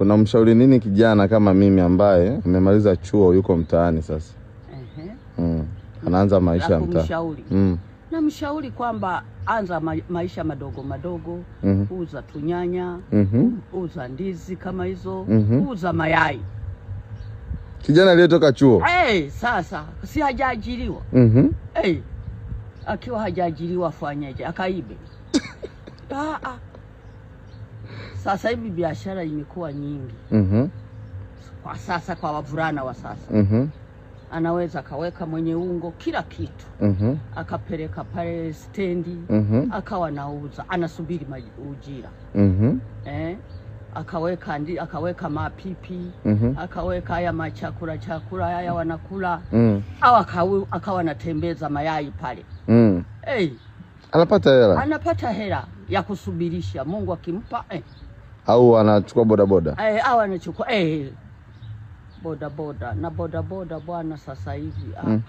Unamshauri nini kijana kama mimi ambaye amemaliza chuo yuko mtaani sasa? Ehe. Mm. Anaanza maisha ya mtaani. Mm. Namshauri kwamba anza ma maisha madogo madogo, mm -hmm. Uza tunyanya, mm -hmm. Uza ndizi kama hizo, mm -hmm. Uza mayai. Kijana aliyetoka chuo. Hey, eh, sasa si hajaajiriwa. mm -hmm. Eh, hey, akiwa hajaajiriwa afanyeje? Akaibe? Ah, ah. Sasa hivi biashara imekuwa nyingi mm -hmm. Kwa sasa kwa wavulana wa sasa mm -hmm. Anaweza akaweka mwenye ungo kila kitu mm -hmm. Akapeleka pale stendi mm -hmm. Akawa nauza anasubiri ujira mm -hmm. eh? Akaweka ndi, akaweka mapipi mm -hmm. Akaweka haya machakula chakula haya wanakula mm -hmm. Au akawa anatembeza mayai pale mm -hmm. hey. Anapata hela, anapata hela ya kusubirisha Mungu akimpa eh au wanachukua bodaboda eh, au anachukua eh, bodaboda na bodaboda bwana, sasa hivi ah. mm.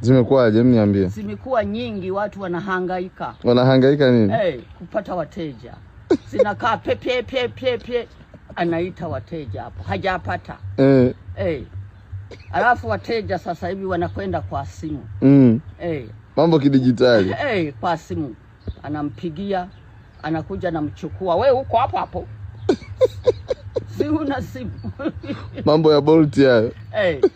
Zimekuwaje? Mniambie. Zimekuwa nyingi, watu wanahangaika. Wanahangaika nini? Eh, kupata wateja zinakaa pepe pepe pepe, anaita wateja hapo, hajapata eh. Eh. Alafu wateja sasa hivi wanakwenda kwa simu mm. Eh. Mambo kidijitali eh, kwa simu anampigia anakuja namchukua, we uko hapo hapo si una simu mambo ya Bolt hayo hey. Eh.